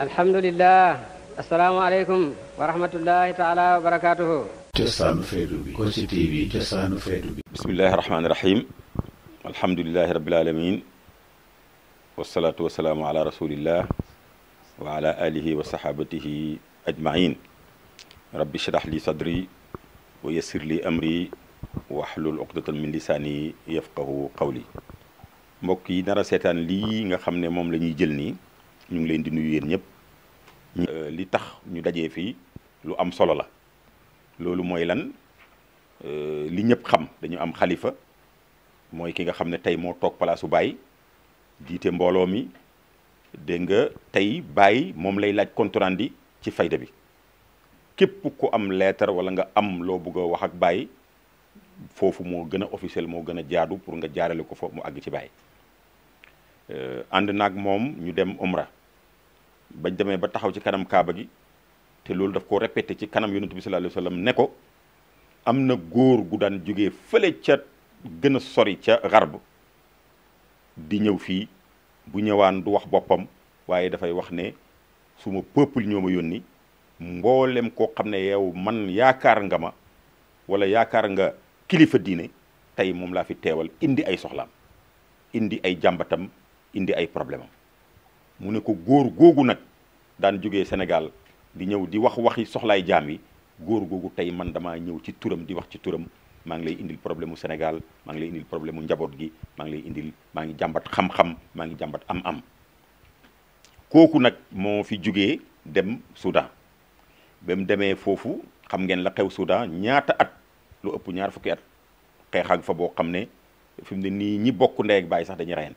الحمد لله السلام عليكم ورحمة الله تعالى وبركاته جسان فيدوبي كوشي تي في جسان فيدوبي بسم الله الرحمن الرحيم الحمد لله رب العالمين والصلاة والسلام على رسول الله وعلى آله وصحابته أجمعين رب اشرح لي صدري ويسر لي أمري واحلل عقدة من لساني يفقه قولي موكي نرى nara لي lii nga xam ñu ngi leen di nuyu yéen ñëpp euh, li tax ñu dajé fi lu am solo la lolu moy lan euh, li ñëpp xam dañu am Khalifa, moy ki nga xamne ne mo tok placeu bay diité mbolo mi de nga tay bay mom lay laaj compte rendu ci fayda bi kep ku am lettre wala nga am lo bëgg wax ak bay fofu mo gëna officiel mo gëna jaadu pour nga jaarale ko fofu mu ag ci euh and nak mom ñu dem umrah bañ demee ba taxaw ci kanam kaaba gi te loolu daf ko répété ci kanam yonent bi sallallahu alayhi wa ne ko am na góor gu daan jógee fële ca gën a sori ca xarb di ñëw fii bu ñëwaan du wax boppam waaye dafay wax ne suma peuple ñoo ma yónni mboolem koo xam ne yow man yaakaar nga ma wala yaakaar nga kilifa diine tey moom laa fi teewal indi ay soxlaam indi ay jàmbatam indi ay problème mu ne ko góor googu nag daan jógee Sénégal di ñëw di wax waxi soxlaay jaam yi góor googu tey man damaa ñëw ci turam di wax ci turam maa ngi lay indil problème mu Sénégal maa ngi lay indil mu njaboot gi maa ngi lay indil maa ngi jàmbat xam-xam maa ngi jàmbat am-am kooku nag moo fi jógee dem Soudan ba mu demee foofu xam ngeen la xew Soudan ñaata at lu ëpp ñaar fukki at xeexaag fa boo xam ne fi mu ne nii ñi bokk ndey ak sax dañuy reyant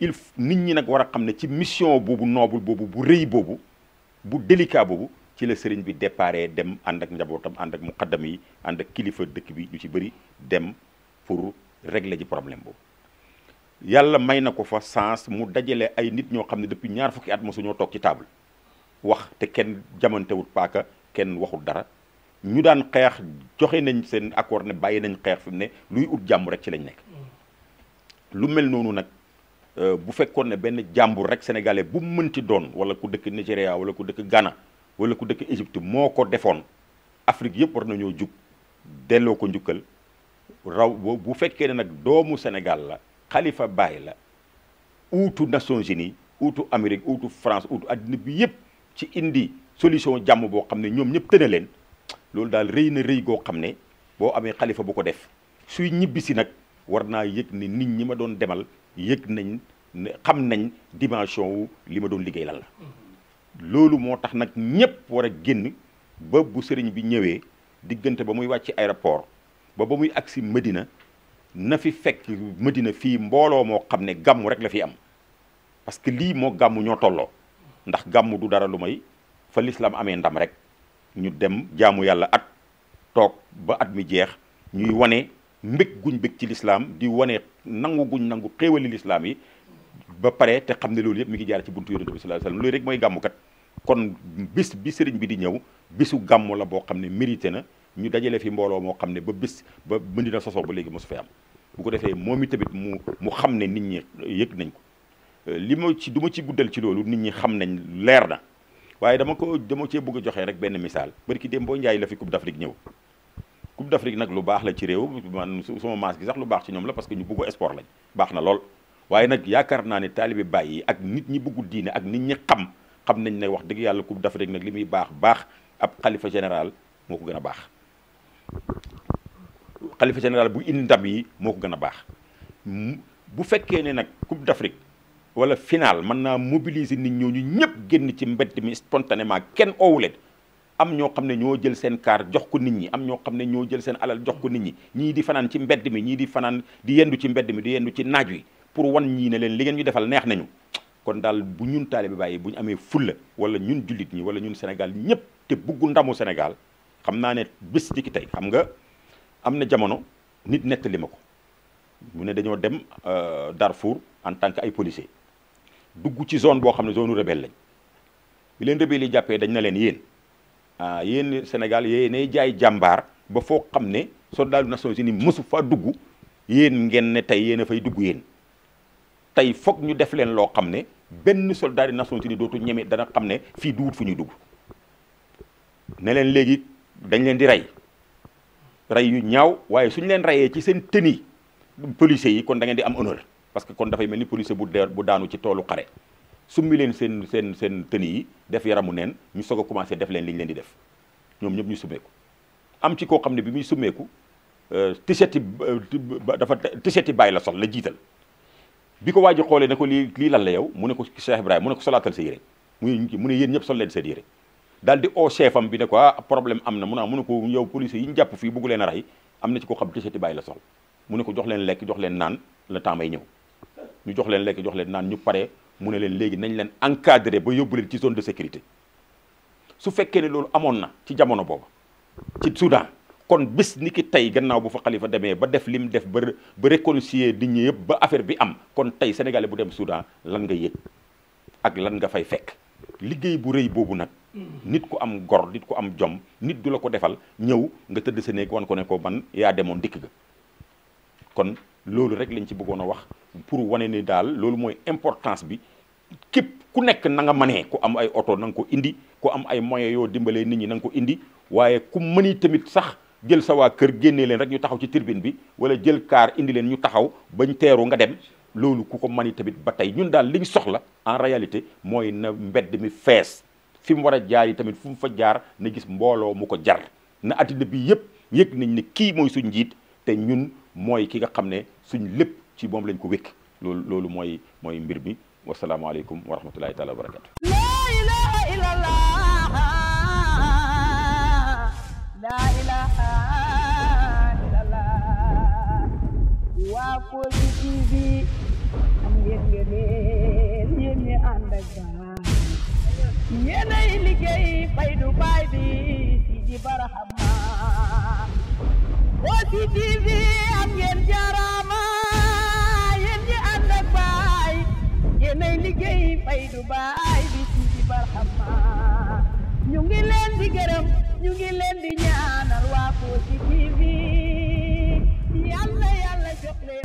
il nit ñi nag war a xam ne ci mission boobu noble boobu bu rëy boobu bu délicat boobu ci la sëriñ bi déparé dem ànd ak njabootam ànd ak muqaddam yi ànd ak kilifa dëkk bi ñu ci bëri dem pour régler ji problème boobu. yàlla may na ko fa sens mu dajale ay nit ñoo xam ne depuis ñaar fukki at mosu ñoo toog ci table wax te kenn jamantewut paaka kenn waxul dara ñu daan xeex joxe nañ seen akkoor ne bàyyi nañ xeex fi mu ne luy ut jàmm rek ci lañ nekk. Euh, bu fekkoon ne benn jàmbur rek sénégalais bu mënti doon wala ku dëkk Nigéria wala ku dëkk Ghana wala ku dëkk Égypte moo ko defoon Afrique yëpp war nañoo jug delloo ko njukkal raw bu fekkee ne nag doomu Sénégal la Khalifa bàyyi la uutu Nations Unies uutu Amérique uutu France uutu àddina bi yëpp ci indi solution jàmm boo xam ne ñoom ñëpp tëna leen loolu daal rëy na rëy goo xam ne boo amee xalifa bu ko def suy ñibbisi nag war naa yëg ni nit ñi ma doon demal yëg nañ xam nañ dimension wu li ma doon liggéey lan la loolu moo tax nag ñëpp war a génn ba bu sëriñ bi ñëwee diggante ba muy wàcc aéroport ba ba muy agsi Medina na fi fekk Medina fii mbooloo moo xam ne gàmmu rek la fi am parce que lii moo gàmmu ñoo tolloo ndax gàmmu du dara lu may fa lislaam amee ndam rek ñu dem jaamu yàlla at toog ba at mi jeex ñuy wane mbég guñ bég ci l'islam di wane nangu guñ nangu xéewali l'islam yi ba pare te xam ne loolu yëpp mi ngi jaar ci buntu yonent bi sallallahu alayhi wasallam loolu rek mooy kat kon bis bi sëriñ bi di ñëw bisu gàmmu la boo xam ne mérité na ñu dajale fi mbooloo moo xam ne ba bis ba mën dina sosoo ba léegi mosu fay am bu ko defee moom i tamit mu mu xam ne nit ñi yëg nañ ko li ma ci du ma ci guddal ci loolu nit ñi xam nañ leer na waaye dama ko dama cee bëgg a joxe rek benn misaal bari ki dem boo njaay la fi Coupe d'Afrique ñëw coupe d'Afrique nak lu bax la ci rew man suma maas gi sax lu bax ci ñom la parce que ñu bëggu sport lañ baax na lool waye nak yaakar na ni talibi bayyi ak nit ñi bëggu diine ak nit ñi xam xam nañ ne wax dëgg yàlla coupe d'Afrique nag li muy baax baax ab xalifa général moo ko gën a baax xalifa général bu indi ndam yi moo ko gën a baax bu fekkee ne nag coupe d'Afrique wala final mën naa mobiliser nit ñooñu ñëpp génn ci mbedd mi spontanément kenn oowu leen am ñoo xam ne ñoo jël seen kaar jox ko nit ñi am ñoo xam ne ñoo jël seen alal jox ko nit ñi ñii di fanaan ci mbedd mi ñii di fanaan di yendu ci mbedd mi di yendu ci naaj wi pour wan ñii ne leen li ngeen ñu defal neex nañu kon daal bu ñun taalibe Baay bu ñu amee fulla wala ñun jullit ñi wala ñun senegal ñëpp te bëggu ndamu senegal xam naa ne bés ni tey xam nga am na jamono nit nettali ma ko mu ne dañoo dem euh, Darfour en tant que ay policier dugg ci zone boo xam ne zone rebelle lañ bi leen rebelle yi jàppee dañ na leen yéen Ah, yéen Sénégal yéenay jaay jàmbaar ba foo xam ne soldat du Nations Unies mësu faa dugg yéen ngeen ne tey yéen a fay dugg yéen tey foog ñu def leen loo xam ne benn soldat du Nations Unies dootu ñeme dana xam ne fii duwut fu ñu dugg ne leen léegi dañ leen di rey rey yu ñaaw waaye suñu leen reyee ci seen tenue policiers yi kon da ngeen di am honneur parce que kon dafay mel ni police bu de bu daanu ci toolu xare sumbi leen seen seen seen tëni yi def yaramu neen ñu soog a commencé def leen li ñu leen di def ñoom ñëpp ñu summeeku am ci koo xam ne bi muy summeeku euh, t-shirt euh, dafa t-shirt bàyyi la sol la jiital bi ko waa ji xoolee ne ko lii lii lan la yow mu ne ko Cheikh Ibrahima mu ne ko solaatal sa yére mu ne yéen ñëpp sol leen seen yére daal di oo chef am bi ne ko ah problème am na mu a ah, mu ne ko yow police yi ñu jàpp fii bëggu leen a rey am na ci koo xam t-shirt bàyyi la sol mu ne ko jox leen lekk jox leen naan le temps may ñëw ñu jox leen lekk jox leen naan ñu pare mu ne leen léegi nañ leen encadré ba yóbbu leen ci zone de sécurité su fekkee ne loolu amoon na ci jamono boobu ci Soudan kon bis ni ki tey gannaaw bu fa xalifa demee ba def lim def ba ba réconcilier nit ñi yëpp ba affaire bi am kon tey sénégale bu dem Soudan lan nga yëg ak lan nga fay fekk liggéey bu rëy boobu nag nit ku am gor nit ko am jom nit du la ko defal ñëw nga tëdd sa néeg wan ko ne ko man yaa demoon dikk ga kon loolu rek lañ ci bëggoon a wax pour wane ni daal loolu mooy importance bi képp ku nekk na nga mënee ku am ay oto na nga ko indi ku am ay moyens yoo dimbalee nit ñi na ko indi waaye ku mëni tamit sax jël sa waa kër génnee leen rek ñu taxaw ci tribune bi wala jël kaar indi leen ñu taxaw bañ teeru nga dem loolu ku ko mani tamit ba tey ñun daal liñ soxla en réalité mooy na mbedd mi fees fi mu war a jaar yi tamit fu mu fa jaar na gis mbooloo mu ko jar na addina bi yëpp yëg nañ ne kii mooy suñ njiit te ñun mooy ki nga xam ne suñ lépp ci moom lañ ko wékk loolu mooy mooy mbir mi wasalaamaaleykum wa rahmatullahi laa ilaha illallah laa ilaha illallah am ngeen ngeneen yéen ñi ànd ak liggéey faydu baay bi si ji baraxama Mourchid TV am ngeen jaaraama yéen ñi ànd baay yéenay liggéey fay du baay bi ci barxama ñu ngi leen di gërëm ñu leen di ñaanal waa Kossy TV yàlla yàlla jox leen